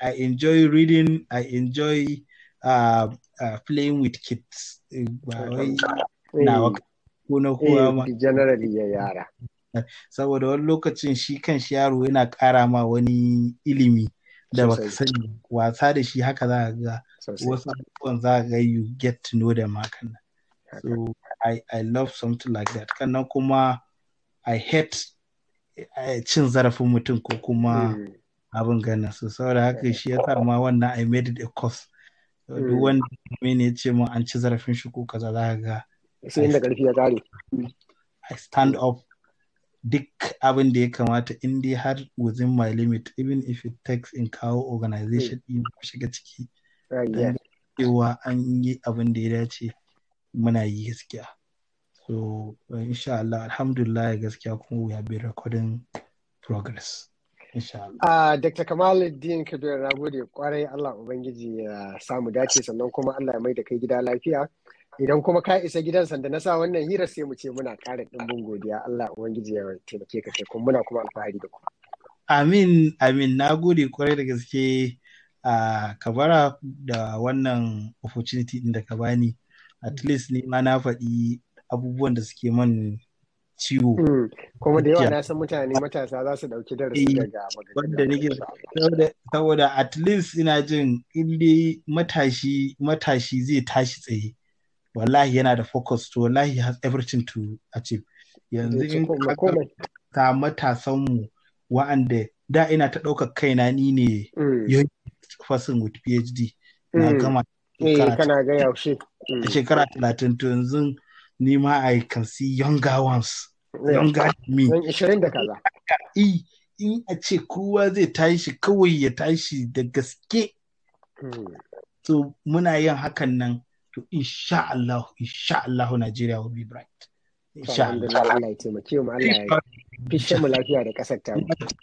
i enjoy reading i enjoy uh, uh, playing with kids ba eh, wai eh, nawa ko na eh, kowa ma generally ya yara saboda wani lokacin shi kan shi yaro yana kara ma wani ilimi da ka sani wasa da shi haka za ga wasu abubuwan za ga you get to know them hakan so I, I love something like that kannan kuma i hate eh, cin zarafin mutum ko kuma hmm. abin ganin su saboda haka shi ya sa ma wannan i made it a cost duk hmm. wanda mene ya ce an ci zarafin shi ko kaza za ga sai inda ƙarfi ya kare i stand up duk abin da ya kamata in dai har within my limit even if it takes in kawo organization din hmm. shiga ciki ah, cewa an yi abin da ya dace muna yi gaskiya So, eh, insha Allah, alhamdulillah gaskiya kuma we have been recording progress. Uh, Dr. Kamaluddin Kabir na gode kwarai Allah Ubangiji ya uh, samu dace sannan kuma Allah ya mai da kai gida lafiya. Idan kuma ka isa gidan sanda na sa wannan hira sai mu ce muna ƙara bin godiya Allah Ubangiji ya taimake ka kai kuma muna kuma alfahari da ku. Amin, amin, na gode kwarai da gaske a kabara da wannan opportunity din da ka bani. At least ni ma na faɗi abubuwan da suke man ciwo. Hmm. Kuma da yawa na san mutane matasa za su ɗauki darasi eh, daga magana. Saboda at least ina jin in dai matashi matashi zai tashi tsaye. Wallahi yana da focus to wallahi has everything to achieve. Yanzu in ka mu wa'anda da ina ta ɗaukar kaina ni ne hmm. yau person with PhD. Na hmm. gama. Eh, shekara talatin to yanzu nima I can see younger ones. Younger me. Ishirin da kaza. In a ce kowa zai tashi kawai ya tashi da gaske. Hmm. So muna yin hakan nan to insha Allah insha Allah Najeriya will be bright. Insha Allah. Allah ya taimake mu Allah ya fishe mu lafiya da kasar ta.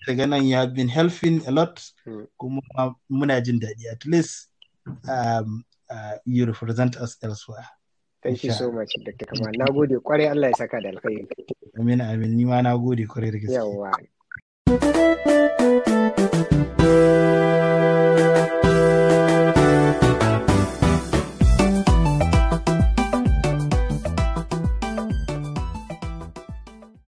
Daga nan ya been helping a lot hmm. kuma muna jin daɗi at least um, uh, you represent us elsewhere. Thank you so much, Dr. Kamal. Na gode kwarai Allah ya saka da alkhairi. Amin amin ni ma na gode kwarai da gaske. Yawwa.